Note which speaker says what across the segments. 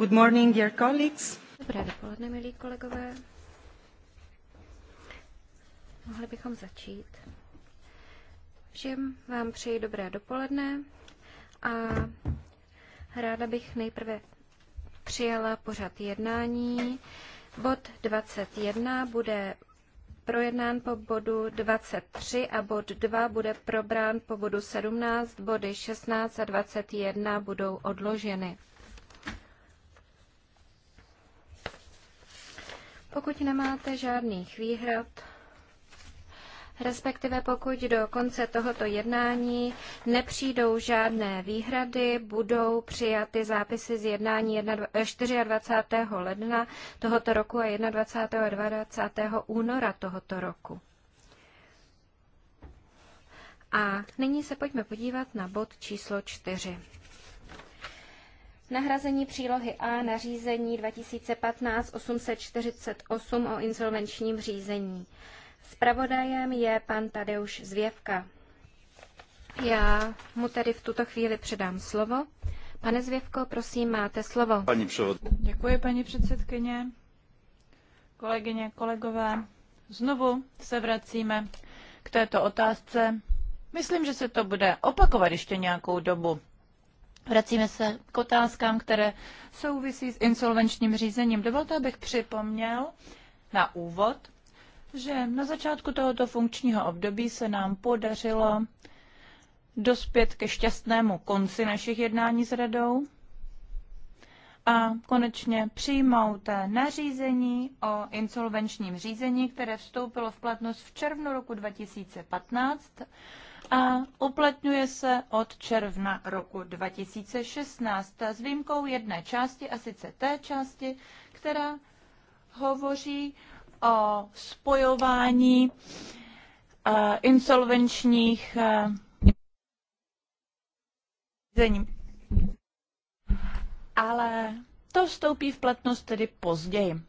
Speaker 1: Good morning, dear colleagues. Dobré dopoledne, milí kolegové. Mohli bychom začít. Všem vám přeji dobré dopoledne a ráda bych nejprve přijala pořad jednání. Bod 21 bude projednán po bodu 23 a bod 2 bude probrán po bodu 17, body 16 a 21 budou odloženy. Pokud nemáte žádných výhrad, respektive pokud do konce tohoto jednání nepřijdou žádné výhrady, budou přijaty zápisy z jednání 24. Eh, ledna tohoto roku a 21. a 22. února tohoto roku. A nyní se pojďme podívat na bod číslo 4. Nahrazení přílohy A nařízení 2015-848 o insolvenčním řízení. Spravodajem je pan Tadeuš Zvěvka. Já mu tedy v tuto chvíli předám slovo. Pane Zvěvko, prosím, máte slovo. Paní převod... Děkuji, paní předsedkyně.
Speaker 2: Kolegyně, kolegové, znovu se vracíme k této otázce. Myslím, že se to bude opakovat ještě nějakou dobu. Vracíme se k otázkám, které souvisí s insolvenčním řízením. Dovolte, abych připomněl na úvod, že na začátku tohoto funkčního období se nám podařilo dospět ke šťastnému konci našich jednání s radou a konečně přijmout nařízení o insolvenčním řízení, které vstoupilo v platnost v červnu roku 2015 a uplatňuje se od června roku 2016 s výjimkou jedné části, a sice té části, která hovoří o spojování eh, insolvenčních eh, řízení. Ale to vstoupí v platnost tedy později.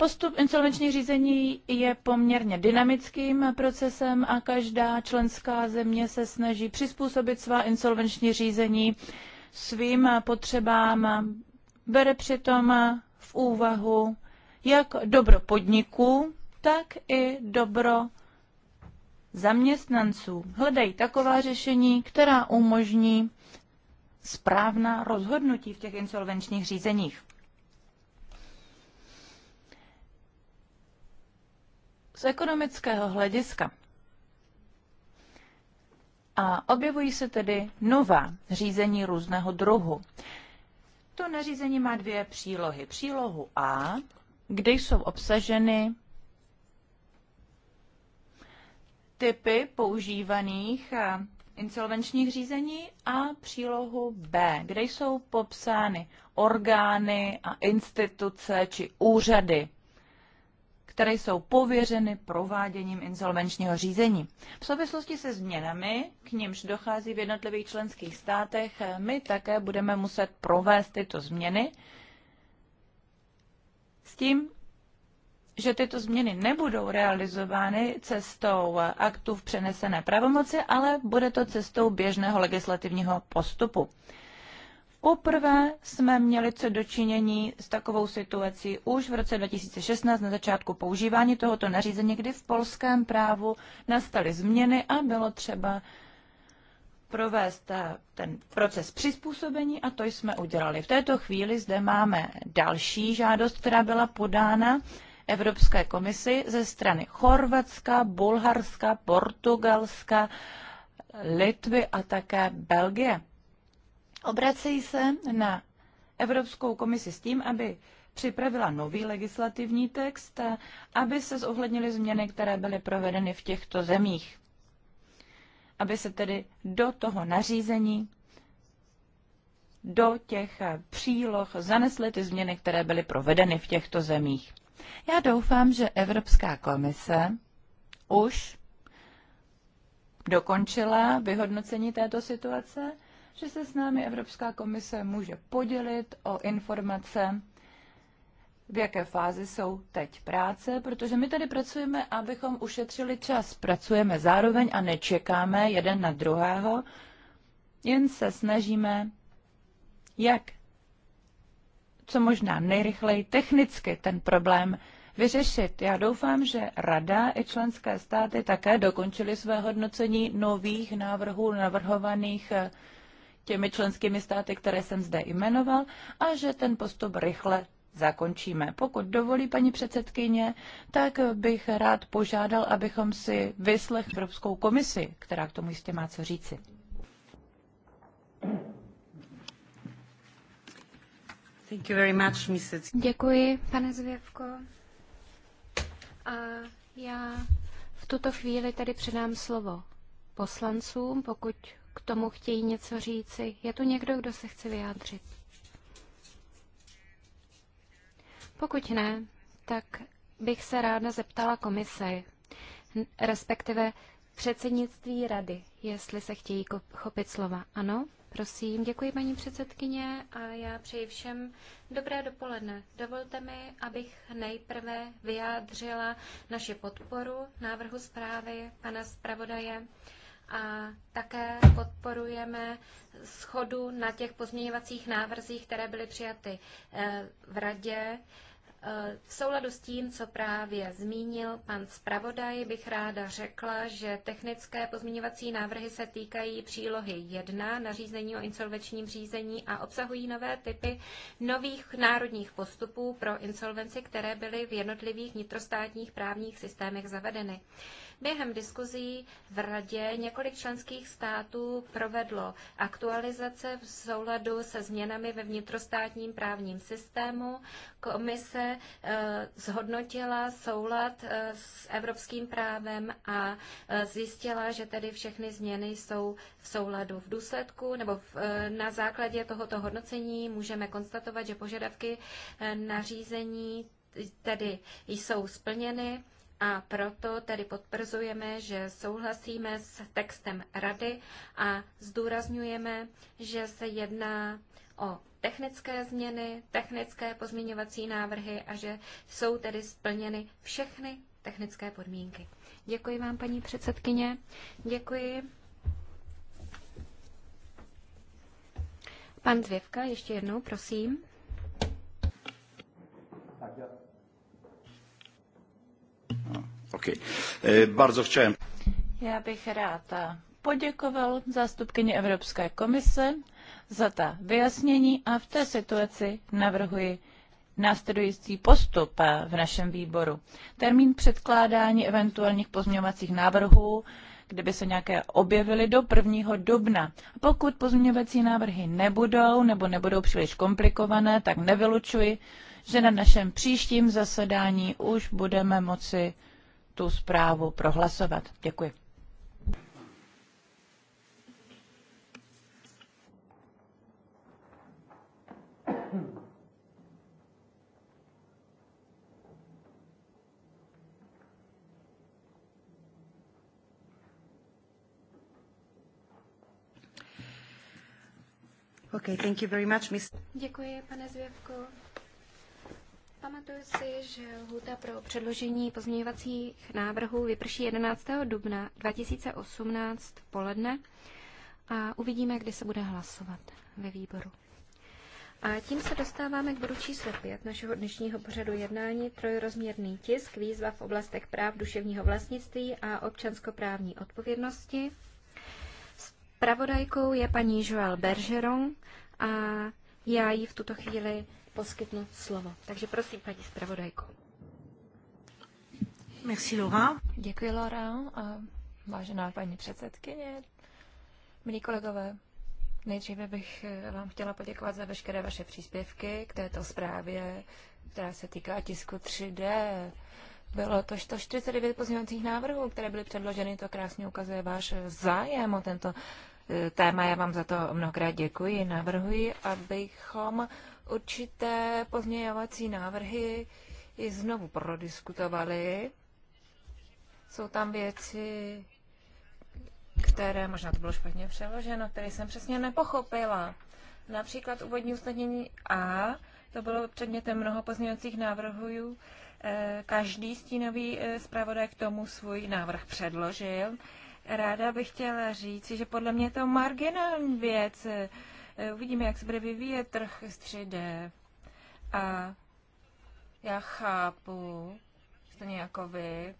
Speaker 2: Postup insolvenčních řízení je poměrně dynamickým procesem a každá členská země se snaží přizpůsobit svá insolvenční řízení svým potřebám, bere přitom v úvahu jak dobro podniků, tak i dobro zaměstnanců. Hledají taková řešení, která umožní správná rozhodnutí v těch insolvenčních řízeních. z ekonomického hlediska. A objevují se tedy nová řízení různého druhu. To nařízení má dvě přílohy. Přílohu A, kde jsou obsaženy typy používaných eh, insolvenčních řízení a přílohu B, kde jsou popsány orgány a instituce či úřady které jsou pověřeny prováděním insolvenčního řízení. V souvislosti se změnami, k nimž dochází v jednotlivých členských státech, my také budeme muset provést tyto změny s tím, že tyto změny nebudou realizovány cestou aktů v přenesené pravomoci, ale bude to cestou běžného legislativního postupu. Poprvé jsme měli co dočinění s takovou situací už v roce 2016 na začátku používání tohoto nařízení, kdy v polském právu nastaly změny a bylo třeba provést ten proces přizpůsobení a to jsme udělali. V této chvíli zde máme další žádost, která byla podána Evropské komisi ze strany Chorvatska, Bulharska, Portugalska, Litvy a také Belgie. Obracejí se na Evropskou komisi s tím, aby připravila nový legislativní text, aby se zohlednily změny, které byly provedeny v těchto zemích. Aby se tedy do toho nařízení, do těch příloh zanesly ty změny, které byly provedeny v těchto zemích. Já doufám, že Evropská komise už dokončila vyhodnocení této situace že se s námi Evropská komise může podělit o informace, v jaké fázi jsou teď práce, protože my tady pracujeme, abychom ušetřili čas. Pracujeme zároveň a nečekáme jeden na druhého, jen se snažíme, jak co možná nejrychleji technicky ten problém vyřešit. Já doufám, že Rada i členské státy také dokončily své hodnocení nových návrhů navrhovaných těmi členskými státy, které jsem zde jmenoval, a že ten postup rychle zakončíme. Pokud dovolí paní předsedkyně, tak bych rád požádal, abychom si vyslech Evropskou komisi, která k tomu jistě má co říci. Thank you very much, Mrs.
Speaker 1: Děkuji, pane Zvěvko. A já v tuto chvíli tady předám slovo poslancům, pokud k tomu chtějí něco říci? Je tu někdo, kdo se chce vyjádřit? Pokud ne, tak bych se ráda zeptala komise, respektive předsednictví rady, jestli se chtějí chopit slova. Ano, prosím, děkuji paní předsedkyně a já přeji všem dobré dopoledne. Dovolte mi, abych nejprve vyjádřila naši podporu návrhu zprávy pana zpravodaje a také podporujeme schodu na těch pozměňovacích návrzích, které byly přijaty eh, v radě. V souladu s tím, co právě zmínil pan zpravodaj, bych ráda řekla, že technické pozměňovací návrhy se týkají přílohy 1 řízení o insolvenčním řízení a obsahují nové typy nových národních postupů pro insolvenci, které byly v jednotlivých vnitrostátních právních systémech zavedeny. Během diskuzí v Radě několik členských států provedlo aktualizace v souladu se změnami ve vnitrostátním právním systému. Komise zhodnotila soulad eh, s evropským právem a eh, zjistila, že tedy všechny změny jsou v souladu. V důsledku nebo v, eh, na základě tohoto hodnocení můžeme konstatovat, že požadavky nařízení tedy jsou splněny a proto tedy potvrzujeme, že souhlasíme s textem Rady a zdůrazňujeme, že se jedná o technické změny, technické pozměňovací návrhy a že jsou tedy splněny všechny technické podmínky. Děkuji vám, paní předsedkyně. Děkuji. Pan Zvěvka, ještě jednou, prosím. Okay. Eh, bardzo chciałem.
Speaker 2: Já bych rád poděkoval zástupkyni Evropské komise za ta vyjasnění a v té situaci navrhuji následující postup eh, v našem výboru. Termín předkládání eventuálních pozměňovacích návrhů, kdyby se nějaké objevily do 1. dubna. Pokud pozměňovací návrhy nebudou nebo nebudou příliš komplikované, tak nevylučuji, že na našem příštím zasedání už budeme moci tu zprávu prohlasovat. Děkuji.
Speaker 1: Okay, thank you very much, miss. Děkuji, pane Zvěvko. Pamatuju si, že lhůta pro předložení pozměňovacích návrhů vyprší 11. dubna 2018 v poledne a uvidíme, kdy se bude hlasovat ve výboru. A tím se dostáváme k bodu číslo 5 našeho dnešního pořadu jednání trojrozměrný tisk výzva v oblastech práv duševního vlastnictví a občanskoprávní odpovědnosti. Pravodajkou je paní Joël Bergeron a já jí v tuto chvíli poskytnu slovo. Takže prosím, paní zpravodajko.
Speaker 3: Merci, Laura. Děkuji, Laura. A vážená paní předsedkyně, milí kolegové, nejdříve bych eh, vám chtěla poděkovat za veškeré vaše příspěvky k této zprávě, která se týká tisku 3D. Bylo to 149 pozměňovacích návrhů, které byly předloženy. To krásně ukazuje váš zájem o tento téma. Já vám za to mnohokrát děkuji. Navrhuji, abychom určité pozměňovací návrhy i znovu prodiskutovali. Jsou tam věci, které, možná to bylo špatně přeloženo, které jsem přesně nepochopila. Například úvodní usnadnění A, to bylo předmětem mnoho pozměňovacích návrhů. Eh, každý stínový eh, zpravodaj k tomu svůj návrh předložil. Ráda bych chtěla říct, že podle mě je to marginální věc. Eh, uvidíme, jak se bude vyvíjet trh z 3D. A já chápu, stejně jako vy,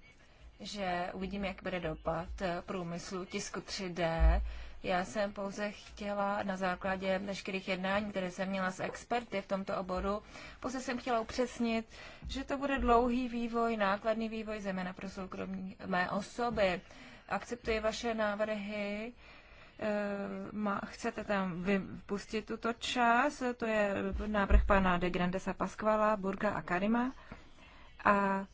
Speaker 3: že uvidíme, jak bude dopad průmyslu tisku 3D. Já jsem pouze chtěla na základě veškerých jednání, které jsem měla s experty v tomto oboru, pouze jsem chtěla upřesnit, že to bude dlouhý vývoj, nákladný vývoj, zejména pro mé osoby. Akceptuje vaše návrhy, eh, má, chcete tam vypustit tuto čas? to je návrh pana de Grandesa Pasquala, Burga a Karima. A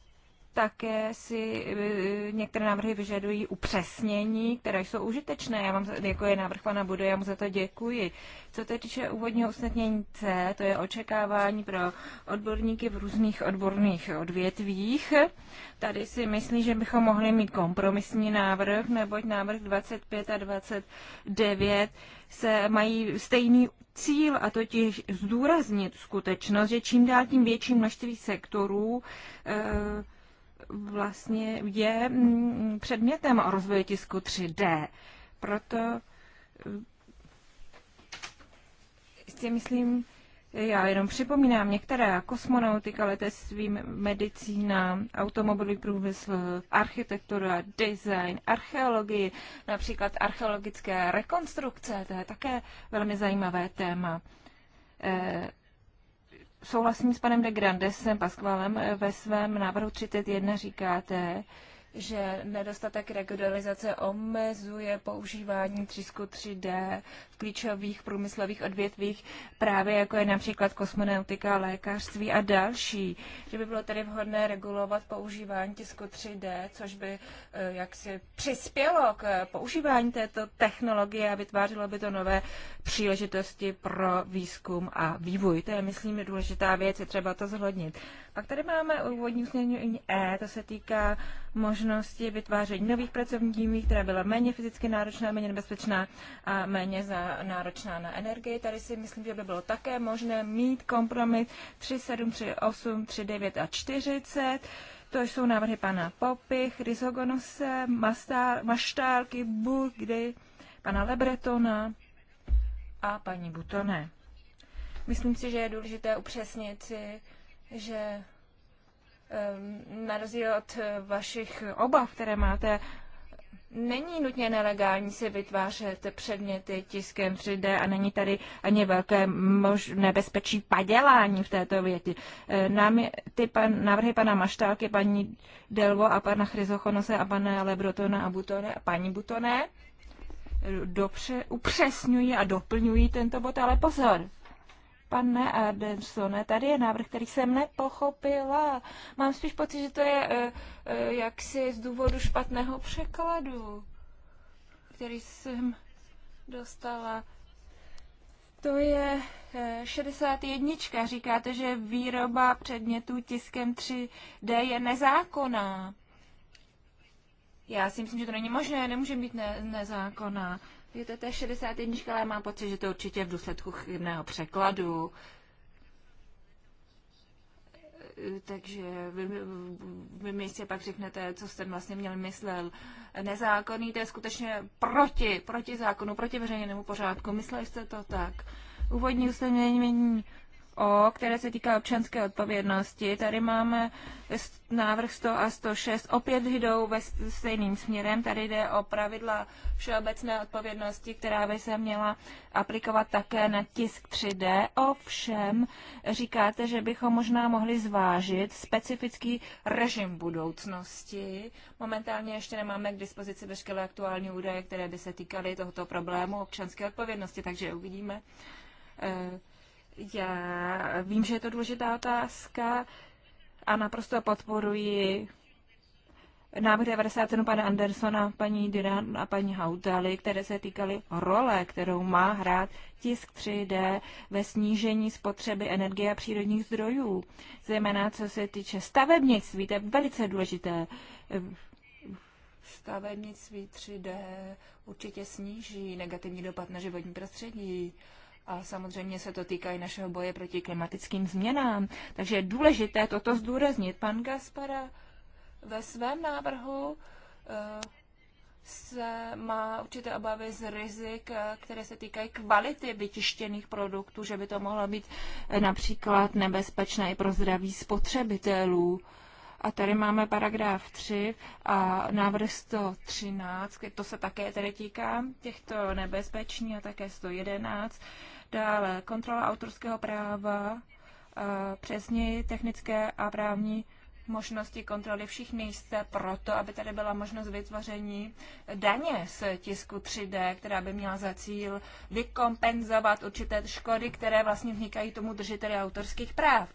Speaker 3: také si eh, některé návrhy vyžadují upřesnění, které jsou užitečné. Já vám, jako je návrh pana Budu, já mu za to děkuji. Co se týče úvodního usnadnění C, to je očekávání pro odborníky v různých odborných odvětvích. Tady si myslím, že bychom mohli mít kompromisní návrh, neboť návrh 25 a 29 se mají stejný cíl, a totiž zdůraznit skutečnost, že čím dál tím větší množství sektorů e, vlastně je mm, předmětem rozvoji tisku 3D. Proto eh, si myslím, já jenom připomínám některé, kosmonautika, letectví, medicína, automobilový průmysl, architektura, design, archeologii, například archeologické rekonstrukce, to je také velmi zajímavé téma. Eh, souhlasím s panem de Grandesem Paskvalem eh, ve svém návrhu 31 říkáte, že nedostatek regularizace omezuje používání třísku 3D v klíčových průmyslových odvětvích, právě jako je například kosmonautika, lékařství a další. Že by bylo tedy vhodné regulovat používání tisku 3D, což by eh, jaksi přispělo k eh, používání této technologie a vytvářelo by to nové příležitosti pro výzkum a vývoj. To je, myslím, důležitá věc, je třeba to zhodnit. Pak tady máme úvodní usměrnění E, to se týká možnosti vytváření nových pracovních dílů, která byla méně fyzicky náročná, méně nebezpečná a méně za, náročná na energii. Tady si myslím, že by bylo také možné mít kompromis 3, 7, 3, 8, 3, 9 a 40. To jsou návrhy pana Popy, Chrysogonose, Maštálky, Burgdy, pana Lebretona a paní Butone. Myslím si, že je důležité upřesnit si, že ehm, na rozdíl od eh, vašich obav, které máte, není nutně nelegální si vytvářet předměty tiskem 3D a není tady ani velké mož- nebezpečí padělání v této věti. Eh, nám ty pan, návrhy pana Maštálky, paní Delvo a pana Chryzochonose a pana Lebrotona a Butone a paní Butone eh, dobře upřesňují a doplňují tento bod, ale pozor. Pane Ardensone, tady je návrh, který jsem nepochopila. Mám spíš pocit, že to je uh, uh, jaksi z důvodu špatného překladu, který jsem dostala. To je 61. Eh, Říkáte, že výroba předmětů tiskem 3D je nezákonná. Já si myslím, že to není možné, nemůže být ne- nezákonná. Je to té 61, ale mám pocit, že to určitě v důsledku chybného překladu. Takže vy, vy mi jistě pak řeknete, co jste vlastně měl myslel. Nezákonný, to je skutečně proti, proti zákonu, proti veřejnému pořádku. Mysleli jste to tak? Úvodní ustanovení O, které se týká občanské odpovědnosti. Tady máme návrh 100 a 106. Opět jdou ve stejným směrem. Tady jde o pravidla všeobecné odpovědnosti, která by se měla aplikovat také na tisk 3D. Ovšem říkáte, že bychom možná mohli zvážit specifický režim budoucnosti. Momentálně ještě nemáme k dispozici veškeré aktuální údaje, které by se týkaly tohoto problému občanské odpovědnosti, takže uvidíme eh, já vím, že je to důležitá otázka a naprosto podporuji návrh 97 pana Andersona, paní Dyran a paní Hautaly, které se týkaly role, kterou má hrát tisk 3D ve snížení spotřeby energie a přírodních zdrojů. Zejména co se týče stavebnictví, to je velice důležité. Stavebnictví 3D určitě sníží negativní dopad na životní prostředí. A samozřejmě se to týká i našeho boje proti klimatickým změnám. Takže je důležité toto zdůraznit. Pan Gaspara ve svém návrhu eh, se má určité obavy z rizik, eh, které se týkají kvality vytištěných produktů, že by to mohlo být eh, například nebezpečné i pro zdraví spotřebitelů. A tady máme paragraf 3 a návrh 113, to se také tedy týká těchto nebezpečných a také 111. Dále kontrola autorského práva, eh, přesněji technické a právní možnosti kontroly. míst pro proto, aby tady byla možnost vytvoření daně z tisku 3D, která by měla za cíl vykompenzovat určité škody, které vlastně vznikají tomu držiteli autorských práv.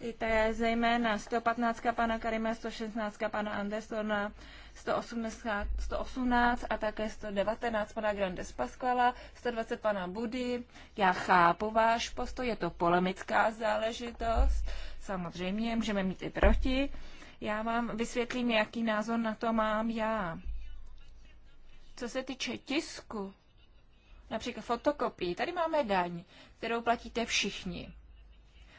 Speaker 3: I to je zejména 115 pana Karima, 116 pana Andersona, 180, 118 a také 119 pana Grandes Pasquala, 120 pana Budy. Já chápu váš postoj, je to polemická záležitost, samozřejmě můžeme mít i proti. Já vám vysvětlím, jaký názor na to mám já. Co se týče tisku, například fotokopií, tady máme daň, kterou platíte všichni.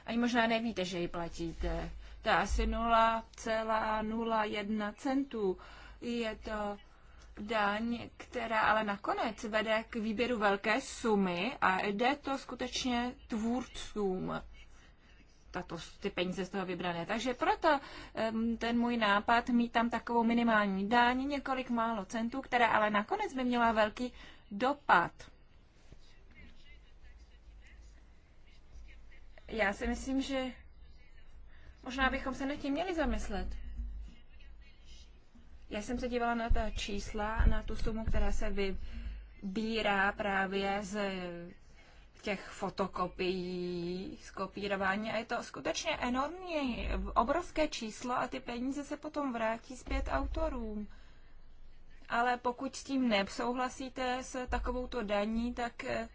Speaker 3: Ani možná nevíte, že ji platíte. To je asi 0,01 centů. Je to daň, která ale nakonec vede k výběru velké sumy a jde to skutečně tvůrcům tato, ty peníze z toho vybrané. Takže proto um, ten můj nápad mít tam takovou minimální daň, několik málo centů, která ale nakonec by měla velký dopad. Já si myslím, že možná bychom se nad tím měli zamyslet. Já jsem se dívala na ta čísla, na tu sumu, která se vybírá právě z těch fotokopií, z kopírování a je to skutečně enormní, obrovské číslo a ty peníze se potom vrátí zpět autorům. Ale pokud s tím nepsouhlasíte s takovouto daní, tak eh,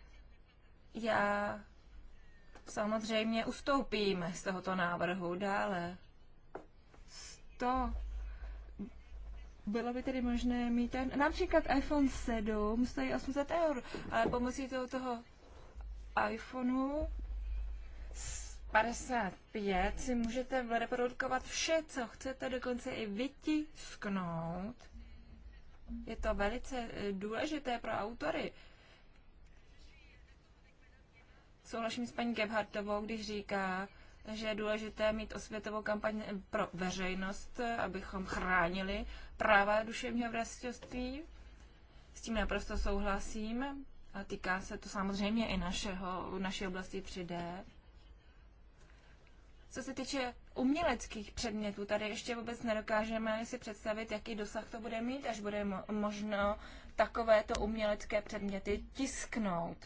Speaker 3: já samozřejmě ustoupím z tohoto návrhu dále. 100 bylo by tedy možné mít ten, například iPhone 7 stojí 800 eur, ale pomocí toho, toho iPhoneu 55 si můžete reprodukovat vše, co chcete, dokonce i vytisknout. Je to velice eh, důležité pro autory. Souhlasím s paní Gebhardtovou, když říká, že je důležité mít osvětovou kampaň pro veřejnost, eh, abychom chránili práva duševního vlastnictví. S tím naprosto souhlasím. A týká se to samozřejmě i našeho, naší oblasti 3D. Co se týče uměleckých předmětů, tady ještě vůbec nedokážeme si představit, jaký dosah to bude mít, až bude možno takovéto umělecké předměty tisknout.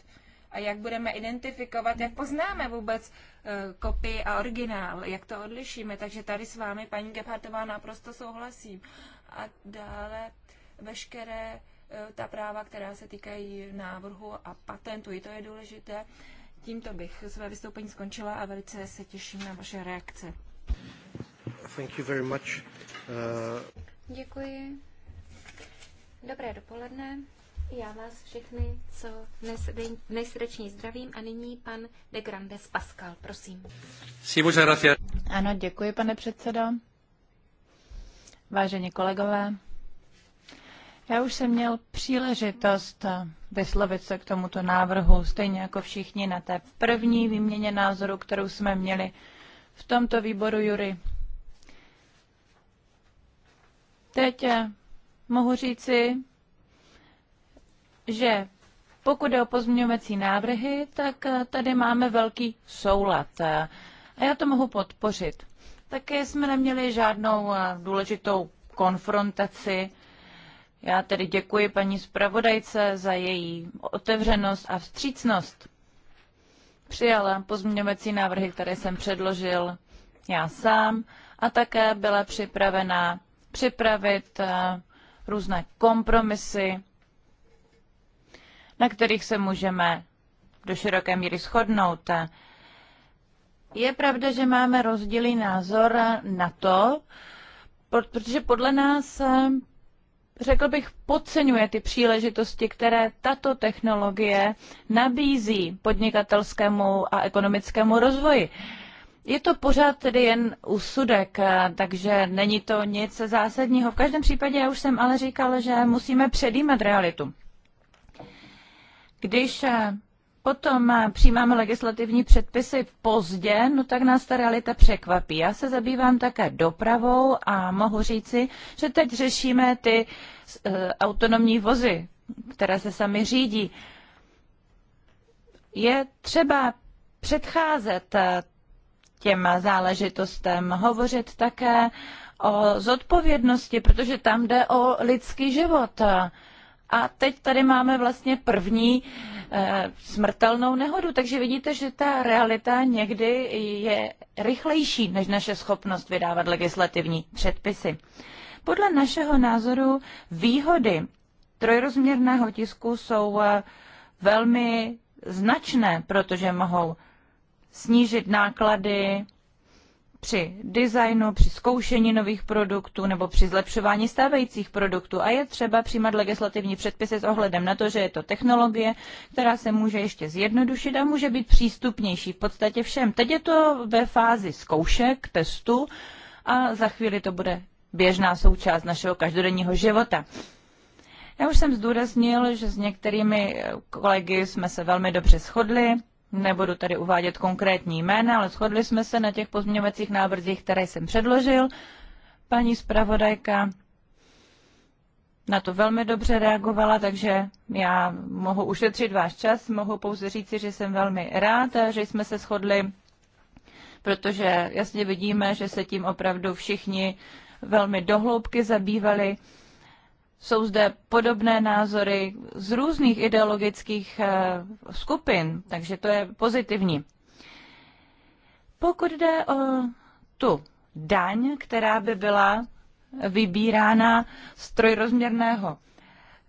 Speaker 3: A jak budeme identifikovat, jak poznáme vůbec eh, kopii a originál, jak to odlišíme. Takže tady s vámi, paní Gebhardová, naprosto souhlasím a dále veškeré e, ta práva, která se týkají návrhu a patentu. I to je důležité. Tímto bych své vystoupení skončila a velice se těším na vaše reakce.
Speaker 1: Thank you very much. Uh... Děkuji. Dobré dopoledne. Já vás všechny, co nejsrdečně zdravím a nyní pan de Grandes Pascal, prosím.
Speaker 2: Ano, děkuji, pane předsedo vážení kolegové,
Speaker 1: já už jsem měl
Speaker 2: příležitost vyslovit se k tomuto návrhu, stejně jako všichni na té první výměně názoru, kterou jsme měli v tomto výboru Jury. Teď eh, mohu říci, že pokud je o pozměňovací návrhy, tak eh, tady máme velký soulad. A já to mohu podpořit. Taky jsme neměli žádnou eh, důležitou konfrontaci. Já tedy děkuji paní zpravodajce za její otevřenost a vstřícnost. Přijala pozměňovací návrhy, které jsem předložil já sám a také byla připravena připravit eh, různé kompromisy, na kterých se můžeme do široké míry shodnout. Je pravda, že máme rozdílný názor na to, protože podle nás, eh, řekl bych, podceňuje ty příležitosti, které tato technologie nabízí podnikatelskému a ekonomickému rozvoji. Je to pořád tedy jen úsudek, eh, takže není to nic zásadního. V každém případě já už jsem ale říkal, že musíme předjímat realitu. Když eh, potom eh, přijímáme legislativní předpisy pozdě, no tak nás ta realita překvapí. Já se zabývám také dopravou a mohu říci, že teď řešíme ty eh, autonomní vozy, které se sami řídí. Je třeba předcházet eh, těm záležitostem, hovořit také o zodpovědnosti, protože tam jde o lidský život. A teď tady máme vlastně první eh, smrtelnou nehodu. Takže vidíte, že ta realita někdy je rychlejší než naše schopnost vydávat legislativní předpisy. Podle našeho názoru výhody trojrozměrného tisku jsou eh, velmi značné, protože mohou snížit náklady při designu, při zkoušení nových produktů nebo při zlepšování stávajících produktů a je třeba přijímat legislativní předpisy s ohledem na to, že je to technologie, která se může ještě zjednodušit a může být přístupnější v podstatě všem. Teď je to ve fázi zkoušek, testu a za chvíli to bude běžná součást našeho každodenního života. Já už jsem zdůraznil, že s některými kolegy jsme se velmi dobře shodli Nebudu tady uvádět konkrétní jména, ale shodli jsme se na těch pozměňovacích návrzích, které jsem předložil. Paní zpravodajka na to velmi dobře reagovala, takže já mohu ušetřit váš čas, mohu pouze říci, že jsem velmi rád, že jsme se shodli, protože jasně vidíme, že se tím opravdu všichni velmi dohloubky zabývali. Jsou zde podobné názory z různých ideologických eh, skupin, takže to je pozitivní. Pokud jde o tu daň, která by byla vybírána z trojrozměrného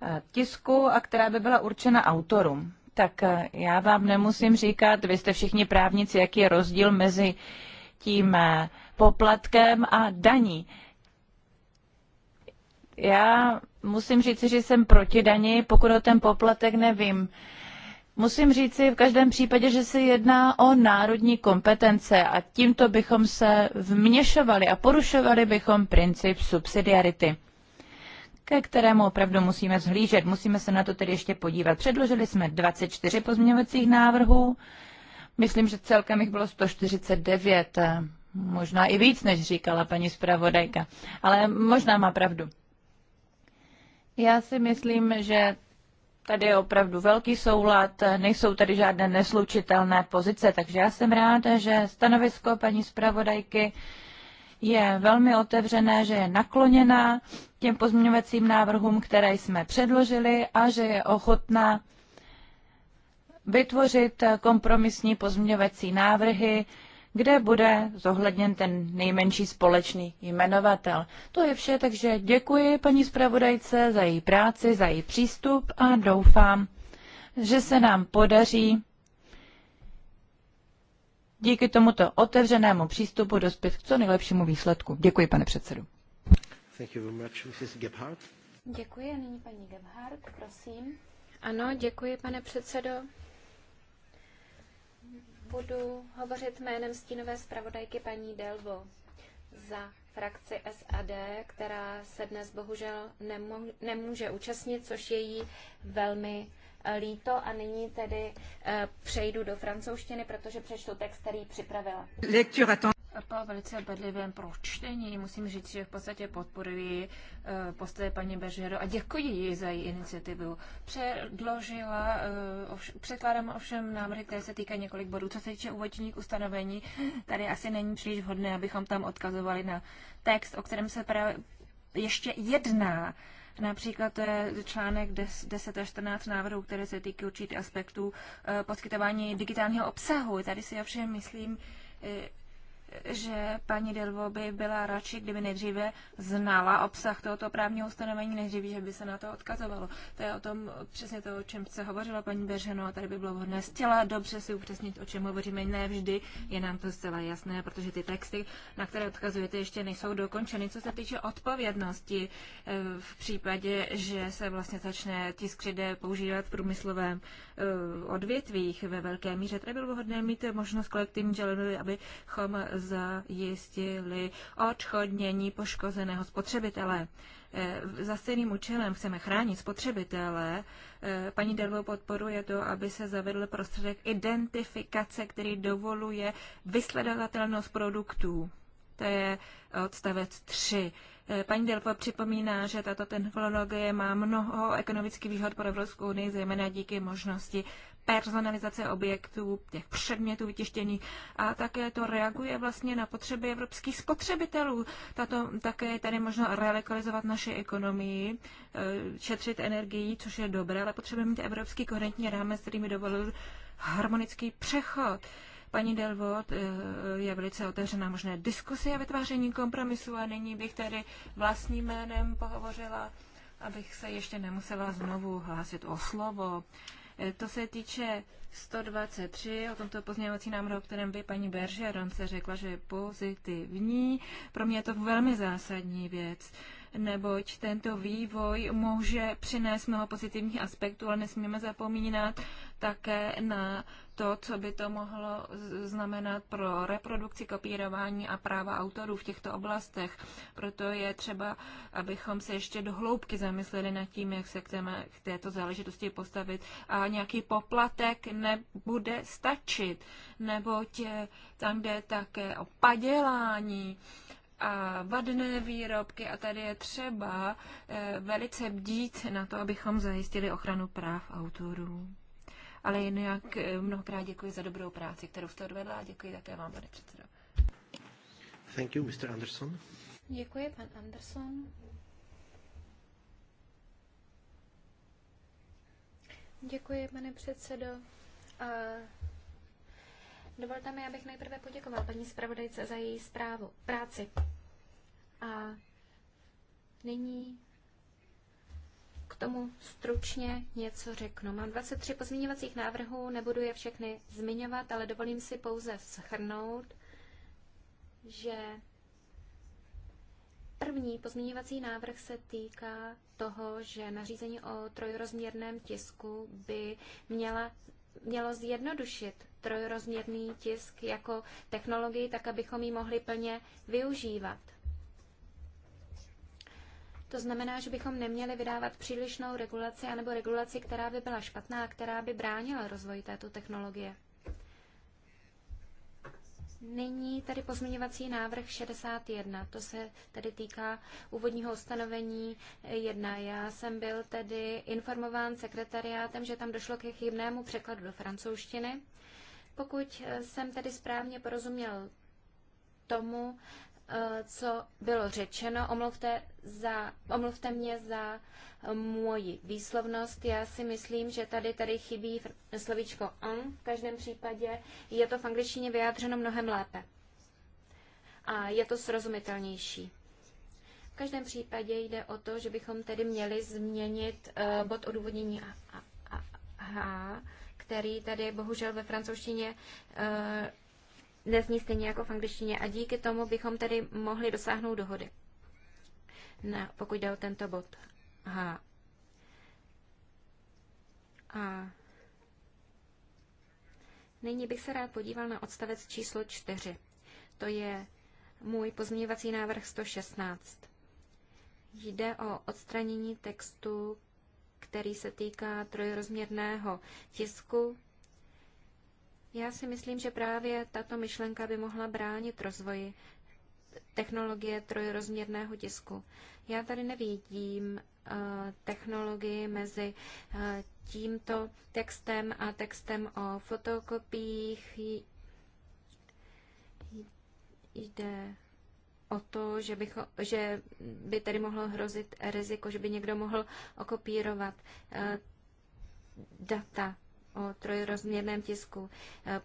Speaker 2: eh, tisku a která by byla určena autorům. Tak eh, já vám nemusím říkat, vy jste všichni právníci, jaký je rozdíl mezi tím poplatkem a daní. Já musím říci, že jsem proti dani, pokud o ten poplatek nevím. Musím říci v každém případě, že se jedná o národní kompetence a tímto bychom se vměšovali a porušovali bychom princip subsidiarity ke kterému opravdu musíme zhlížet. Musíme se na to tedy ještě podívat. Předložili jsme 24 pozměňovacích návrhů. Myslím, že celkem jich bylo 149, možná i víc, než říkala paní zpravodajka. Ale možná má pravdu. Já si myslím, že tady je opravdu velký soulad, nejsou tady žádné neslučitelné pozice, takže já jsem ráda, že stanovisko paní zpravodajky je velmi otevřené, že je nakloněná těm pozměňovacím návrhům, které jsme předložili a že je ochotná vytvořit kompromisní pozměňovací návrhy, kde bude zohledněn ten nejmenší společný jmenovatel. To je vše, takže děkuji paní zpravodajce za její práci, za její přístup a doufám, že se nám podaří díky tomuto otevřenému přístupu dospět k co nejlepšímu výsledku. Děkuji, pane předsedu.
Speaker 1: Děkuji a nyní paní Gebhardt, prosím. Ano, děkuji, pane předsedo. Budu hovořit jménem stínové zpravodajky paní Delvo za frakci SAD, která se dnes bohužel nemo- nemůže účastnit, což je jí velmi eh, líto a nyní tedy eh, přejdu do francouzštiny, protože přečtu text, který připravila
Speaker 3: po velice bedlivém pročtení musím říct, že v podstatě podporuji eh, postoje paní Beržero a děkuji jí za její iniciativu. Předložila, eh, ovšem, překládám ovšem návrhy, které se týkají několik bodů. Co se týče úvodních ustanovení, tady asi není příliš vhodné, abychom tam odkazovali na text, o kterém se právě ještě jedná. Například to eh, je článek 10 až 14 návrhů, které se týkají určitých aspektů poskytování digitálního obsahu. Tady si ovšem myslím, že paní Delvo by byla radši, kdyby nejdříve znala obsah tohoto právního ustanovení, nejdříve, že by se na to odkazovalo. To je o tom přesně to, o čem se hovořila paní Beřeno a tady by bylo vhodné zcela dobře si upřesnit, o čem hovoříme. Ne vždy je nám to zcela jasné, protože ty texty, na které odkazujete, ještě nejsou dokončeny. Co se týče odpovědnosti eh, v případě, že se vlastně začne tisk 3 používat v průmyslovém eh, odvětvích ve velké míře, tady by bylo vhodné mít možnost kolektivní žaloby, abychom zajistili odchodnění poškozeného spotřebitele. Eh, za stejným účelem chceme chránit spotřebitele. Eh, paní Delvo podporuje to, aby se zavedl prostředek identifikace, který dovoluje vysledovatelnost produktů. To je odstavec 3. Eh, paní Delpo připomíná, že tato technologie má mnoho ekonomických výhod pro Evropskou unii, zejména díky možnosti personalizace objektů, těch předmětů vytištěných a také to reaguje vlastně na potřeby evropských spotřebitelů. Tato, také je tady možno relokalizovat naše ekonomii, e, šetřit energii, což je dobré, ale potřebujeme mít evropský koherentní rámec, který mi dovolil harmonický přechod. Paní Delvot e, je velice otevřená možné diskusy a vytváření kompromisu a nyní bych tedy vlastním jménem pohovořila, abych se ještě nemusela znovu hlásit o slovo. Eh, to se týče 123, o tomto pozměňovací návrhu, o kterém by paní Beržeron se řekla, že je pozitivní. Pro mě je to velmi zásadní věc, neboť tento vývoj může přinést mnoho pozitivních aspektů, ale nesmíme zapomínat také na to, co by to mohlo znamenat pro reprodukci, kopírování a práva autorů v těchto oblastech. Proto je třeba, abychom se ještě do hloubky zamysleli nad tím, jak se k, k této záležitosti postavit. A nějaký poplatek nebude stačit, neboť tam jde také o padělání, a vadné výrobky a tady je třeba eh, velice bdít na to, abychom zajistili ochranu práv autorů ale jinak eh, mnohokrát děkuji za dobrou práci, kterou jste odvedla a děkuji také vám, pane předsedo.
Speaker 1: Thank you, Mr. Anderson. Děkuji, pan Anderson. Děkuji, pane předsedo. A dovolte mi, abych nejprve poděkoval paní zpravodajce za její zprávu, práci. A nyní k tomu stručně něco řeknu. Mám 23 pozměňovacích návrhů, nebudu je všechny zmiňovat, ale dovolím si pouze shrnout, že První pozměňovací návrh se týká toho, že nařízení o trojrozměrném tisku by měla, mělo zjednodušit trojrozměrný tisk jako technologii, tak abychom ji mohli plně využívat. To znamená, že bychom neměli vydávat přílišnou regulaci anebo regulaci, která by byla špatná a která by bránila rozvoji této technologie. Nyní tady pozměňovací návrh 61, to se tedy týká úvodního ustanovení 1. Já jsem byl tedy informován sekretariátem, že tam došlo ke chybnému překladu do francouzštiny. Pokud jsem tedy správně porozuměl tomu, Eh, co bylo řečeno. Omluvte, za, omluvte mě za eh, moji výslovnost. Já si myslím, že tady tady chybí slovíčko on. V každém případě je to v angličtině vyjádřeno mnohem lépe. A je to srozumitelnější. V každém případě jde o to, že bychom tedy měli změnit uh, bod odůvodnění a, který tady bohužel ve francouzštině uh, nezní stejně jako v angličtině a díky tomu bychom tedy mohli dosáhnout dohody. Na, pokud jde o tento bod. H. A nyní bych se rád podíval na odstavec číslo 4. To je můj pozměňovací návrh 116. Jde o odstranění textu, který se týká trojrozměrného tisku já si myslím, že právě tato myšlenka by mohla bránit rozvoji technologie trojrozměrného tisku. Já tady nevidím eh, technologii mezi eh, tímto textem a textem o fotokopiích. Jde o to, že, bych, že by tady mohlo hrozit riziko, že by někdo mohl okopírovat eh, data o trojrozměrném tisku.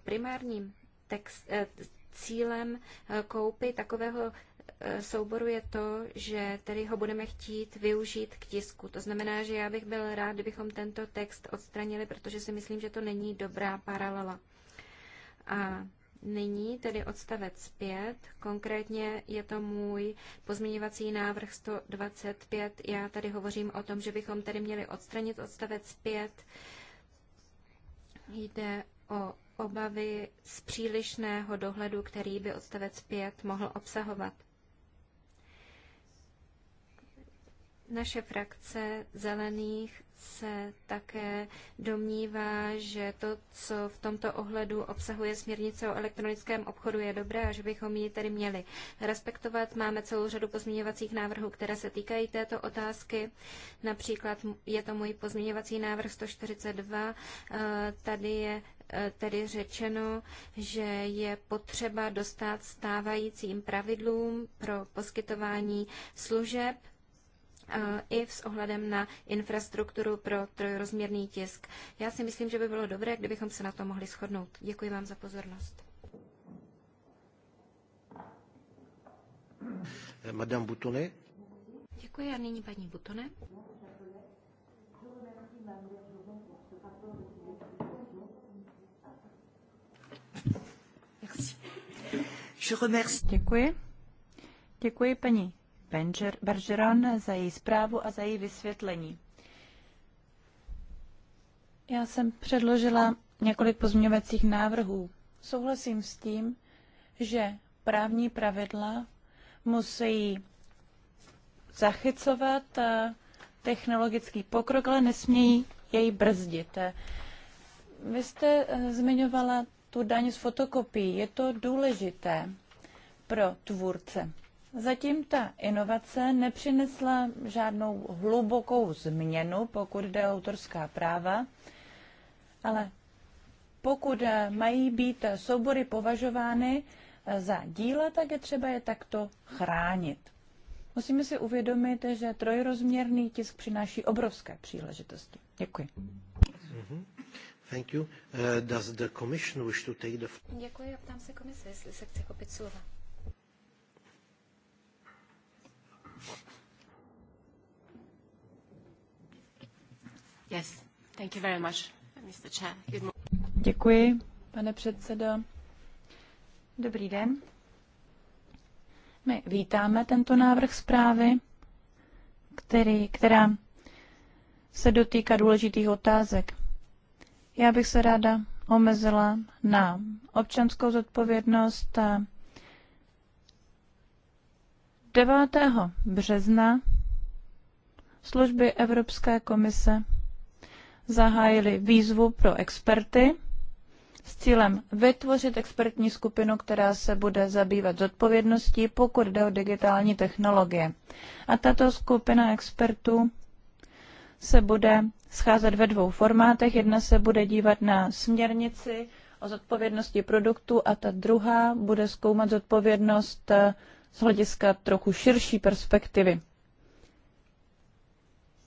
Speaker 1: Primárním text, eh, cílem eh, koupy takového eh, souboru je to, že tedy ho budeme chtít využít k tisku. To znamená, že já bych byl rád, kdybychom tento text odstranili, protože si myslím, že to není dobrá paralela. A nyní tedy odstavec 5. Konkrétně je to můj pozměňovací návrh 125. Já tady hovořím o tom, že bychom tedy měli odstranit odstavec 5 Jde o obavy z přílišného dohledu, který by odstavec 5 mohl obsahovat. Naše frakce zelených se také domnívá, že to, co v tomto ohledu obsahuje směrnice o elektronickém obchodu, je dobré a že bychom ji tedy měli respektovat. Máme celou řadu pozměňovacích návrhů, které se týkají této otázky. Například je to můj pozměňovací návrh 142. Eh, tady je eh, tedy řečeno, že je potřeba dostat stávajícím pravidlům pro poskytování služeb i s ohledem na infrastrukturu pro trojrozměrný tisk. Já si myslím, že by bylo dobré, kdybychom se na to mohli shodnout. Děkuji vám za pozornost. Eh, Madame Butone. Děkuji a nyní paní Butone.
Speaker 2: Děkuji. Děkuji paní Bergeron za její zprávu a za její vysvětlení. Já jsem předložila několik pozměňovacích návrhů. Souhlasím s tím, že právní pravidla musí zachycovat eh, technologický pokrok, ale nesmějí jej brzdit. Vy jste eh, zmiňovala tu daň z fotokopií. Je to důležité pro tvůrce. Zatím ta inovace nepřinesla žádnou hlubokou změnu, pokud jde o autorská práva, ale pokud mají být soubory považovány za díla, tak je třeba je takto chránit. Musíme si uvědomit, že trojrozměrný tisk přináší obrovské příležitosti.
Speaker 1: Děkuji. Mhm. Thank you. Uh, does the commission wish to take the... Děkuji a ptám se komise, jestli se chce chopit slova.
Speaker 2: Děkuji, pane předsedo. Dobrý den. My vítáme tento návrh zprávy, který, která se dotýká důležitých otázek. Já bych se ráda omezila na občanskou zodpovědnost. 9. března služby Evropské komise zahájili výzvu pro experty s cílem vytvořit expertní skupinu, která se bude zabývat zodpovědností, pokud jde o digitální technologie. A tato skupina expertů se bude scházet ve dvou formátech. Jedna se bude dívat na směrnici o zodpovědnosti produktů a ta druhá bude zkoumat zodpovědnost eh, z hlediska trochu širší perspektivy.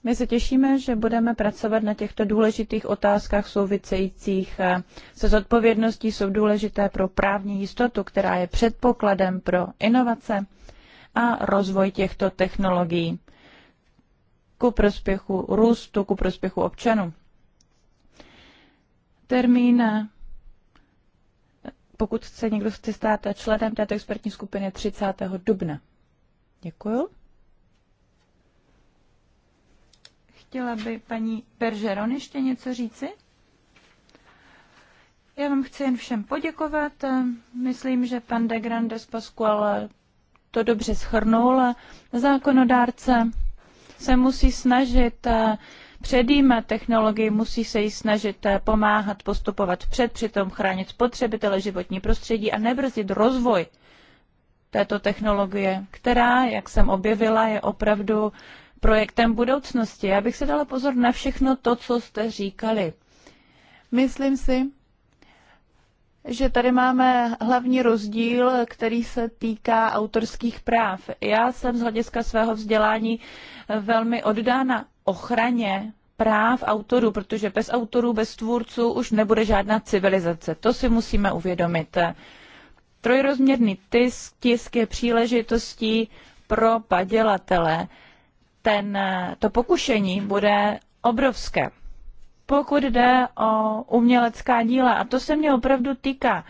Speaker 2: My se těšíme, že budeme pracovat na těchto důležitých otázkách souvisejících eh, se zodpovědností. Jsou důležité pro právní jistotu, která je předpokladem pro inovace a rozvoj těchto technologií ku prospěchu růstu, ku prospěchu občanů. Termín, eh, pokud se někdo chce stát členem této expertní skupiny, 30. dubna. Děkuji. Chtěla by paní Peržeron ještě něco říci? Já vám chci jen všem poděkovat. Myslím, že pan de Grandes Pascual to dobře schrnul. Zákonodárce se musí snažit eh, předjímat technologii, musí se jí snažit eh, pomáhat postupovat před, přitom chránit spotřebitele životní prostředí a nebrzdit rozvoj této technologie, která, jak jsem objevila, je opravdu projektem budoucnosti. Já bych se dala pozor na všechno to, co jste říkali. Myslím si, že tady máme hlavní rozdíl, který se týká autorských práv. Já jsem z hlediska svého vzdělání velmi oddána ochraně práv autorů, protože bez autorů, bez tvůrců už nebude žádná civilizace. To si musíme uvědomit. Trojrozměrný tisk, tisk je příležitostí pro padělatele ten, to pokušení bude obrovské. Pokud jde o umělecká díla, a to se mě opravdu týká,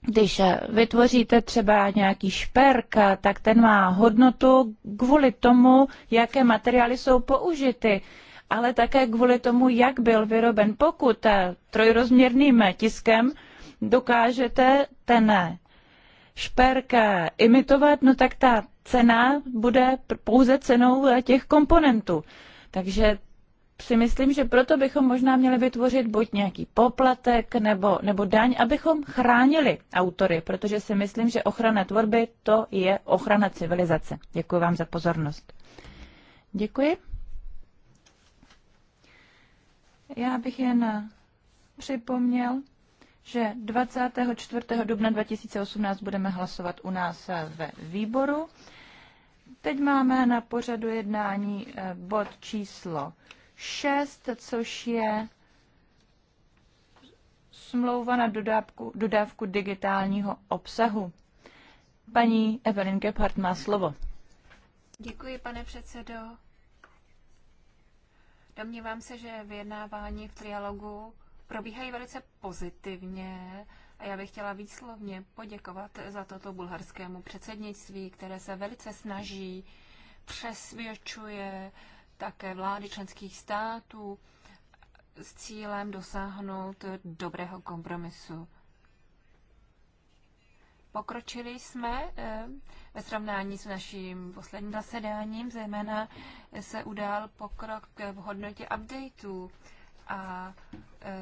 Speaker 2: když vytvoříte třeba nějaký šperk, tak ten má hodnotu kvůli tomu, jaké materiály jsou použity, ale také kvůli tomu, jak byl vyroben. Pokud trojrozměrným tiskem dokážete ten šperka imitovat, no tak ta cena bude pouze cenou eh, těch komponentů. Takže si myslím, že proto bychom možná měli vytvořit buď nějaký poplatek nebo, nebo daň, abychom chránili autory, protože si myslím, že ochrana tvorby to je ochrana civilizace. Děkuji vám za pozornost. Děkuji. Já bych jen připomněl, že 24. dubna 2018 budeme hlasovat u nás ve výboru. Teď máme na pořadu jednání eh, bod číslo 6, což je smlouva na dodávku, dodávku digitálního obsahu. Paní Evelyn Gebhardt má slovo.
Speaker 3: Děkuji, pane předsedo. Domnívám se, že vyjednávání v trialogu probíhají velice pozitivně a já bych chtěla výslovně poděkovat za toto bulharskému předsednictví, které se velice snaží, přesvědčuje také vlády členských států s cílem dosáhnout dobrého kompromisu. Pokročili jsme eh, ve srovnání s naším posledním zasedáním, zejména se udál pokrok v hodnotě updateů a e,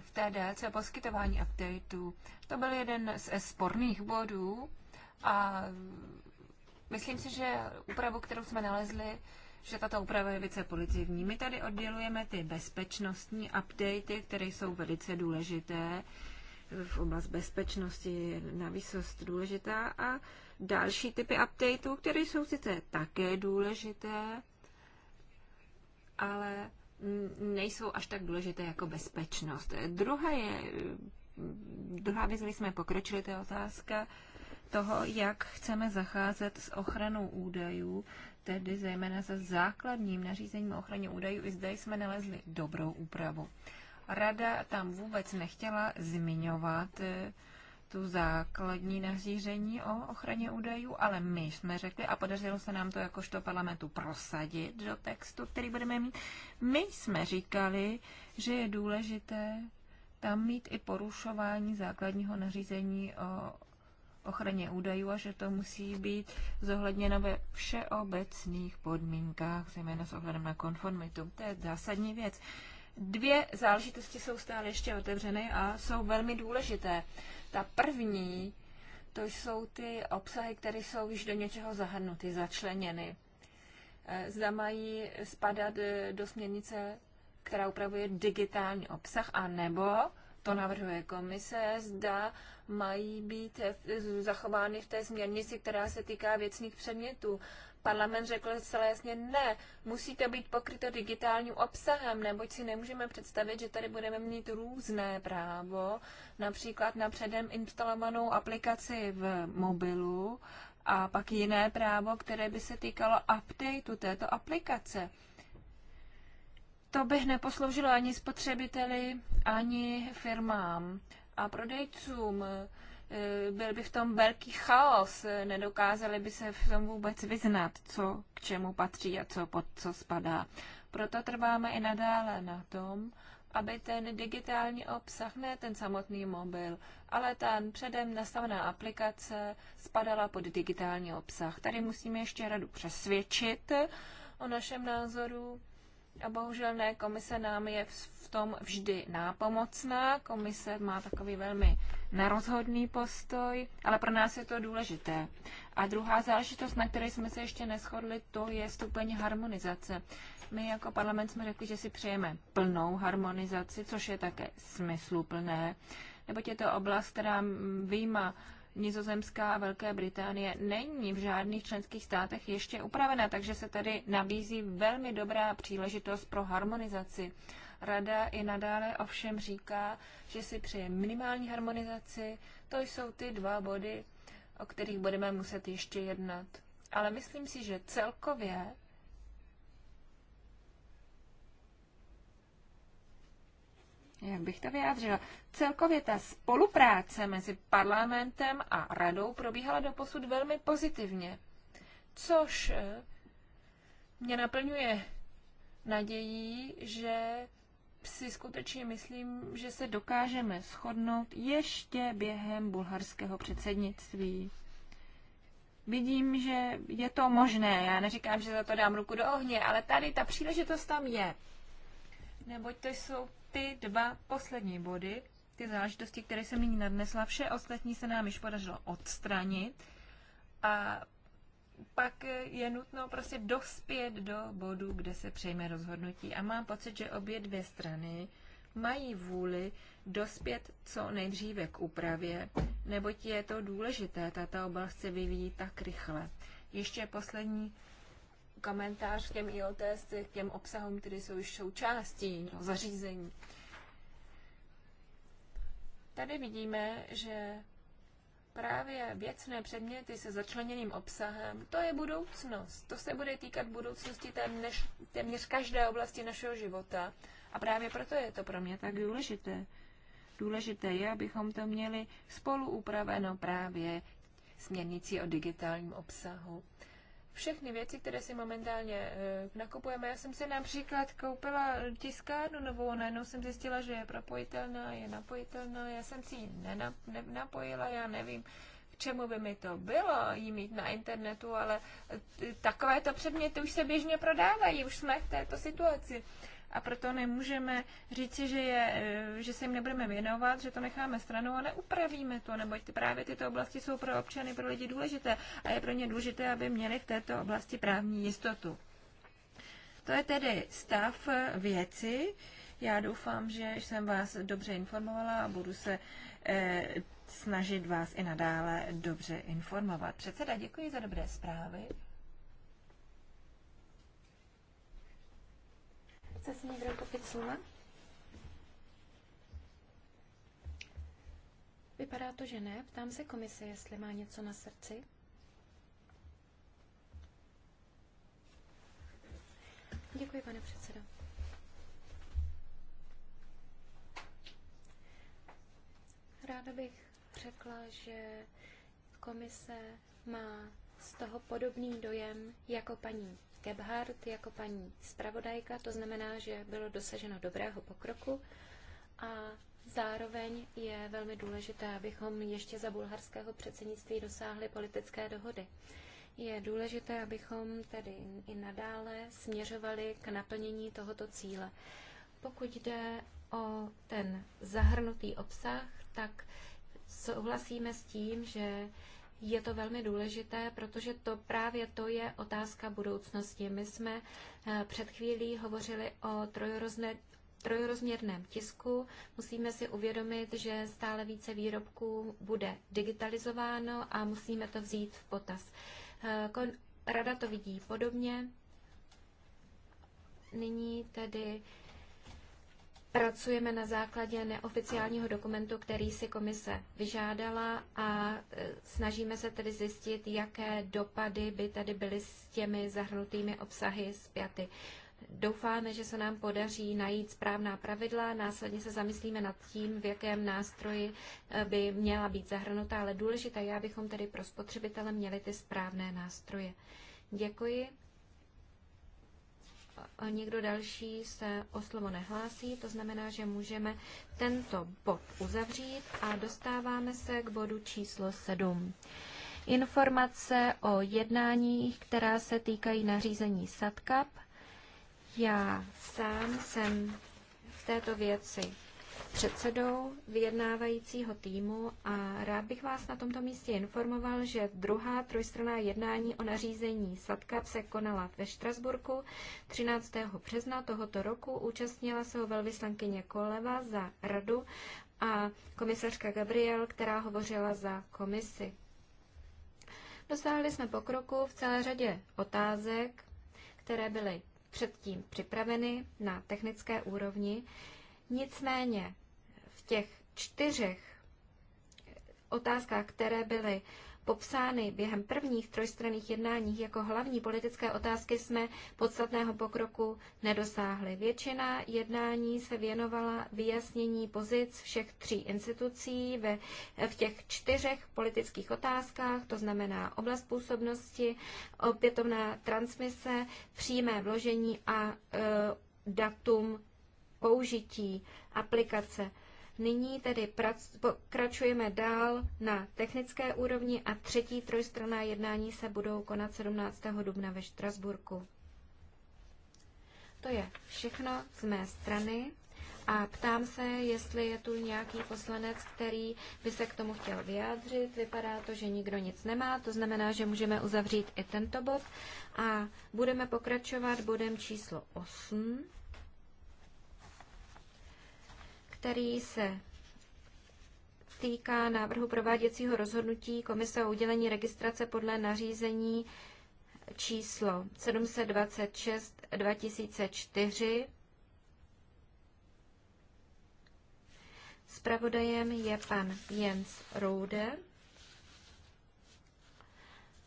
Speaker 3: v té délce poskytování updateů. To byl jeden z sporných bodů a myslím si, že úpravu, kterou jsme nalezli, že tato úprava je více pozitivní. My tady oddělujeme ty bezpečnostní updaty, které jsou velice důležité v oblast bezpečnosti je výsost důležitá a další typy updateů, které jsou sice také důležité, ale nejsou až tak důležité jako bezpečnost. Druhá je, druhá věc, kdy jsme pokročili, to je otázka toho, jak chceme zacházet s ochranou údajů, tedy zejména se základním nařízením ochraně údajů. I zde jsme nalezli dobrou úpravu. Rada tam vůbec nechtěla zmiňovat eh, tu základní nařízení o ochraně údajů, ale my jsme řekli a podařilo se nám to jakožto parlamentu prosadit do textu, který budeme mít. My jsme říkali, že je důležité tam mít i porušování základního nařízení o ochraně údajů a že to musí být zohledněno ve všeobecných podmínkách, zejména s ohledem na konformitu. To je zásadní věc. Dvě záležitosti jsou stále ještě otevřeny a jsou velmi důležité. Ta první, to jsou ty obsahy, které jsou již do něčeho zahrnuty, začleněny. Eh, zda mají spadat eh, do směrnice, která upravuje digitální obsah, a nebo to navrhuje komise, zda mají být eh, zachovány v té směrnici, která se týká věcných předmětů. Parlament řekl zcela jasně ne, musí to být pokryto digitálním obsahem, neboť si nemůžeme představit, že tady budeme mít různé právo, například na předem instalovanou aplikaci v mobilu a pak jiné právo, které by se týkalo updateu této aplikace. To bych neposloužilo ani spotřebiteli, ani firmám a prodejcům. Eh, byl by v tom velký chaos, nedokázali by se v tom vůbec vyznat, co k čemu patří a co pod co spadá. Proto trváme i nadále na tom, aby ten digitální obsah, ne ten samotný mobil, ale ta předem nastavená aplikace spadala pod digitální obsah. Tady musíme ještě radu přesvědčit o našem názoru a bohužel ne, komise nám je v tom vždy nápomocná. Komise má takový velmi nerozhodný postoj, ale pro nás je to důležité. A druhá záležitost, na které jsme se ještě neschodli, to je stupeň harmonizace. My jako parlament jsme řekli, že si přejeme plnou harmonizaci, což je také smysluplné, neboť je to oblast, která výjima Nizozemská a Velké Británie není v žádných členských státech ještě upravena, takže se tady nabízí velmi dobrá příležitost pro harmonizaci. Rada i nadále ovšem říká, že si přeje minimální harmonizaci. To jsou ty dva body, o kterých budeme muset ještě jednat. Ale myslím si, že celkově jak bych to vyjádřila, celkově ta spolupráce mezi parlamentem a radou probíhala do posud velmi pozitivně, což eh, mě naplňuje nadějí, že si skutečně myslím, že se dokážeme shodnout ještě během bulharského předsednictví. Vidím, že je to možné. Já neříkám, že za to dám ruku do ohně, ale tady ta příležitost tam je neboť to jsou ty dva poslední body, ty záležitosti, které jsem nyní nadnesla. Vše ostatní se nám již podařilo odstranit a pak je nutno prostě dospět do bodu, kde se přejme rozhodnutí. A mám pocit, že obě dvě strany mají vůli dospět co nejdříve k úpravě, neboť je to důležité, tato oblast se vyvíjí tak rychle. Ještě poslední komentář k těm IOTS, k těm obsahům, které jsou již součástí no, zařízení. Tady vidíme, že právě věcné předměty se začleněným obsahem, to je budoucnost. To se bude týkat budoucnosti téměř, téměř každé oblasti našeho života. A právě proto je to pro mě tak důležité. Důležité je, abychom to měli spolu upraveno právě směrnicí o digitálním obsahu všechny věci, které si momentálně eh, nakupujeme. Já jsem si například koupila tiskárnu novou, najednou jsem zjistila, že je propojitelná, je napojitelná, já jsem si ji nenapojila, já nevím, k čemu by mi to bylo jí mít na internetu, ale eh, takovéto předměty už se běžně prodávají, už jsme v této situaci a proto nemůžeme říci, že, je, eh, že se jim nebudeme věnovat, že to necháme stranou a neupravíme to, neboť právě tyto oblasti jsou pro občany, pro lidi důležité a je pro ně důležité, aby měli v této oblasti právní jistotu. To je tedy stav eh, věci. Já doufám, že jsem vás dobře informovala a budu se eh, snažit vás i nadále dobře informovat. Předseda, děkuji za dobré zprávy.
Speaker 1: Chce si někdo koupit slova? Vypadá to, že ne. Ptám se komise, jestli má něco na srdci. Děkuji, pane předsedo. Ráda bych řekla, že komise má z toho podobný dojem jako paní Gebhardt jako paní zpravodajka. To znamená, že bylo dosaženo dobrého pokroku a zároveň je velmi důležité, abychom ještě za bulharského předsednictví dosáhli politické dohody. Je důležité, abychom tedy i nadále směřovali k naplnění tohoto cíle. Pokud jde o ten zahrnutý obsah, tak souhlasíme s tím, že je to velmi důležité, protože to právě to je otázka budoucnosti. My jsme eh, před chvílí hovořili o trojrozměrném tisku. Musíme si uvědomit, že stále více výrobků bude digitalizováno a musíme to vzít v potaz. Eh, rada to vidí podobně. Nyní tedy Pracujeme na základě neoficiálního dokumentu, který si komise vyžádala a e, snažíme se tedy zjistit, jaké dopady by tady byly s těmi zahrnutými obsahy zpěty. Doufáme, že se nám podaří najít správná pravidla, následně se zamyslíme nad tím, v jakém nástroji e, by měla být zahrnutá, ale důležité je, abychom tedy pro spotřebitele měli ty správné nástroje. Děkuji nikdo další se o slovo nehlásí, to znamená, že můžeme tento bod uzavřít a dostáváme se k bodu číslo 7. Informace o jednáních, která se týkají nařízení SATCAP. Já sám jsem v této věci předsedou vyjednávajícího týmu a rád bych vás na tomto místě informoval, že druhá trojstranná jednání o nařízení SATCAP se konala ve Štrasburku 13. března tohoto roku. Účastnila se ho velvyslankyně Koleva za radu a komisařka Gabriel, která hovořila za komisi. Dosáhli jsme pokroku v celé řadě otázek, které byly předtím připraveny na technické úrovni. Nicméně těch čtyřech otázkách, které byly popsány během prvních trojstranných jednání jako hlavní politické otázky, jsme podstatného pokroku nedosáhli. Většina jednání se věnovala vyjasnění pozic všech tří institucí ve, v těch čtyřech politických otázkách, to znamená oblast působnosti, opětovná transmise, přímé vložení a e, datum použití aplikace. Nyní tedy pokračujeme dál na technické úrovni a třetí trojstranná jednání se budou konat 17. dubna ve Štrasburku. To je všechno z mé strany a ptám se, jestli je tu nějaký poslanec, který by se k tomu chtěl vyjádřit. Vypadá to, že nikdo nic nemá, to znamená, že můžeme uzavřít i tento bod a budeme pokračovat bodem číslo 8 který se týká návrhu prováděcího rozhodnutí Komise o udělení registrace podle nařízení číslo 726 2004. Spravodajem je pan Jens Roude,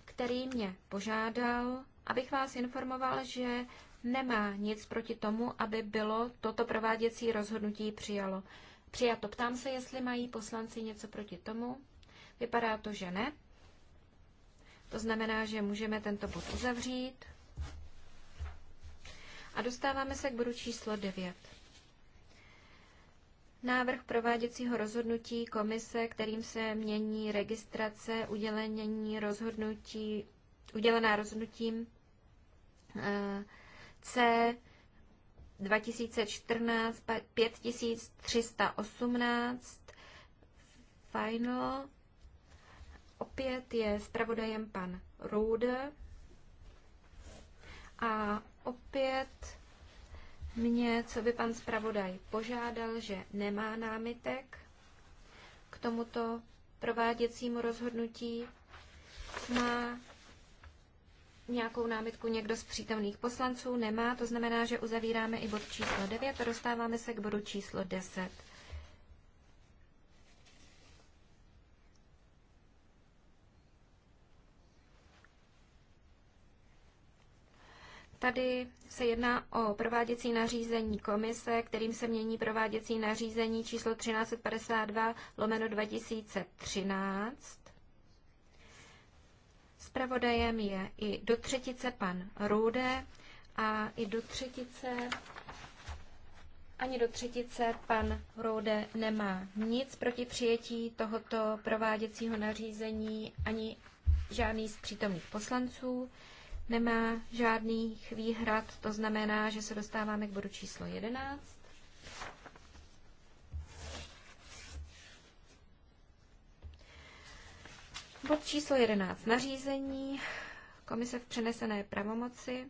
Speaker 1: který mě požádal, abych vás informoval, že nemá nic proti tomu, aby bylo toto prováděcí rozhodnutí přijalo. Přijato. Ptám se, jestli mají poslanci něco proti tomu. Vypadá to, že ne. To znamená, že můžeme tento bod uzavřít. A dostáváme se k bodu číslo 9. Návrh prováděcího rozhodnutí komise, kterým se mění registrace udělení rozhodnutí, udělená rozhodnutím eh, obce 2014 5318 Final. Opět je zpravodajem pan Rude A opět mě, co by pan zpravodaj požádal, že nemá námitek k tomuto prováděcímu rozhodnutí, má nějakou námitku někdo z přítomných poslanců? Nemá, to znamená, že uzavíráme i bod číslo 9 a dostáváme se k bodu číslo 10. Tady se jedná o prováděcí nařízení komise, kterým se mění prováděcí nařízení číslo 1352 lomeno 2013 zpravodajem je i do třetice pan Rude a i do třetice ani do třetice pan Rode nemá nic proti přijetí tohoto prováděcího nařízení, ani žádný z přítomných poslanců nemá žádných výhrad, to znamená, že se dostáváme k bodu číslo 11. Bod číslo 11. Nařízení Komise v přenesené pravomoci.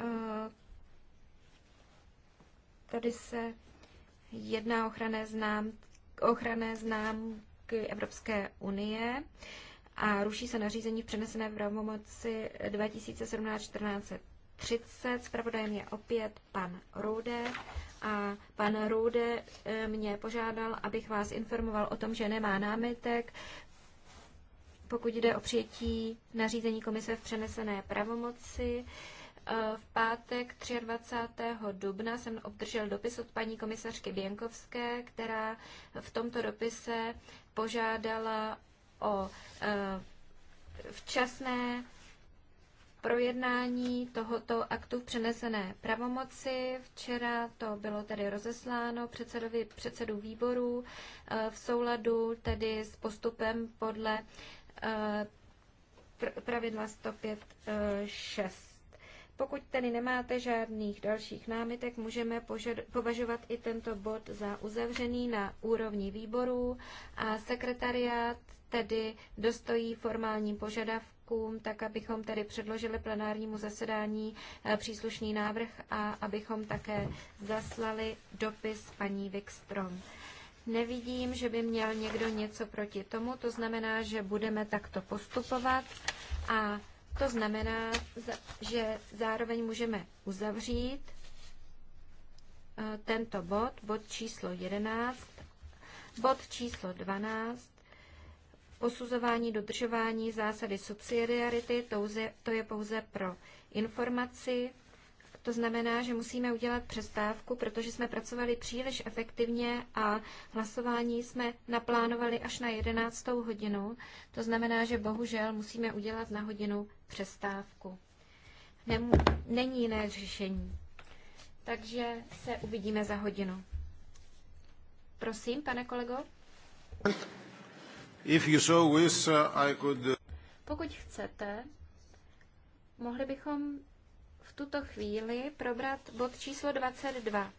Speaker 1: Eh, tady se jedná ochranné znám, ochranné známky Evropské unie a ruší se nařízení v přenesené pravomoci 2017-1430. Spravodajem je opět pan Rude a pan Rude eh, mě požádal, abych vás informoval o tom, že nemá námitek, pokud jde o přijetí nařízení komise v přenesené pravomoci. Eh, v pátek 23. dubna jsem obdržel dopis od paní komisařky Běnkovské, která v tomto dopise požádala o eh, včasné projednání tohoto aktu v přenesené pravomoci. Včera to bylo tedy rozesláno předsedovi, předsedu výborů eh, v souladu tedy s postupem podle eh, pravidla 105.6. Eh, Pokud tedy nemáte žádných dalších námitek, můžeme požad, považovat i tento bod za uzavřený na úrovni výborů a sekretariát tedy dostojí formálním požadavkům návrhům, tak abychom tedy předložili plenárnímu zasedání eh, příslušný návrh a abychom také zaslali dopis paní Wikstrom. Nevidím, že by měl někdo něco proti tomu, to znamená, že budeme takto postupovat a to znamená, že zároveň můžeme uzavřít eh, tento bod, bod číslo 11, bod číslo 12 Posuzování dodržování zásady subsidiarity to je pouze pro informaci. To znamená, že musíme udělat přestávku, protože jsme pracovali příliš efektivně a hlasování jsme naplánovali až na 11. hodinu. To znamená, že bohužel musíme udělat na hodinu přestávku. Nemů není jiné řešení. Takže se uvidíme za hodinu. Prosím, pane kolego.
Speaker 3: If you so wish, uh, I could...
Speaker 2: Uh,
Speaker 1: Pokud chcete, mohli bychom v tuto chvíli probrat bod číslo 22.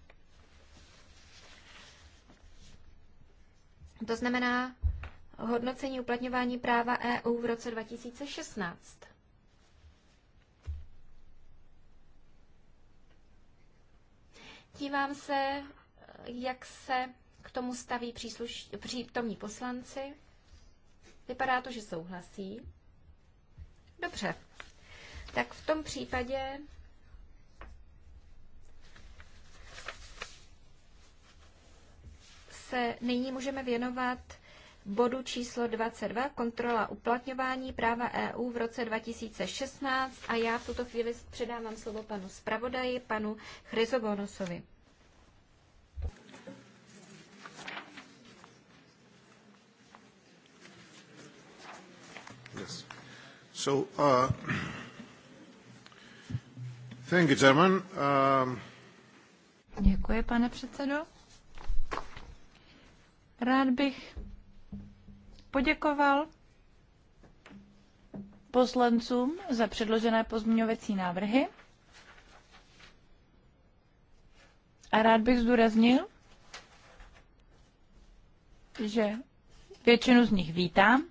Speaker 1: To znamená hodnocení uplatňování práva EU v roce 2016. Dívám se, jak se k tomu staví přítomní poslanci. Vypadá to, že souhlasí. Dobře. Tak v tom případě se nyní můžeme věnovat bodu číslo 22, kontrola uplatňování práva EU v roce 2016 a já v tuto chvíli předávám slovo panu zpravodaji, panu Chryzobonosovi.
Speaker 2: So, uh, thank you, Chairman. Um, Děkuji, pane předsedo. Rád bych poděkoval poslancům za předložené pozměňovací návrhy. A rád bych zdůraznil, že většinu z nich vítám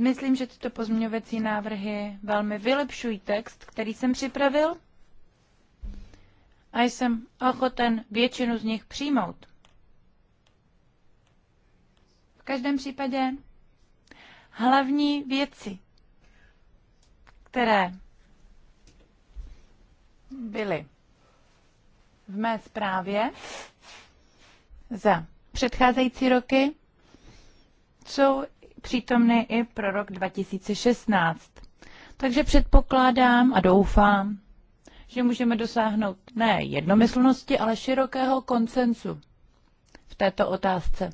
Speaker 2: Myslím, že tyto pozměňovací návrhy velmi vylepšují text, který jsem připravil a jsem ochoten většinu z nich přijmout. V každém případě hlavní věci, které byly v mé zprávě za předcházející roky, jsou přítomný i pro rok 2016. Takže předpokládám a doufám, že můžeme dosáhnout ne jednomyslnosti, ale širokého konsenzu v této otázce.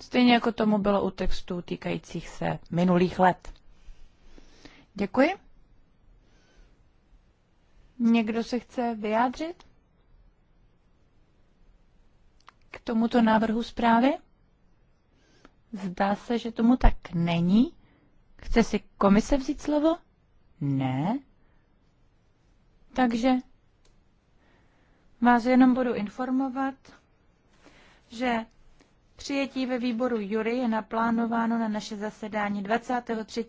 Speaker 2: Stejně jako tomu bylo u textů týkajících se minulých let. Děkuji. Někdo se chce vyjádřit? k tomuto návrhu zprávy? Zdá se, že tomu tak není. Chce si komise vzít slovo? Ne. Takže vás jenom budu informovat, že přijetí ve výboru Jury je naplánováno na naše zasedání 23.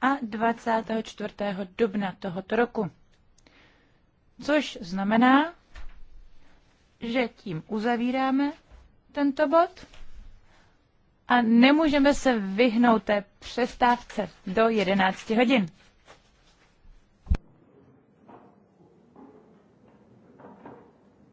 Speaker 2: a 24. dubna tohoto roku. Což znamená, že tím uzavíráme tento bod a nemůžeme se vyhnout té přestávce do 11 hodin.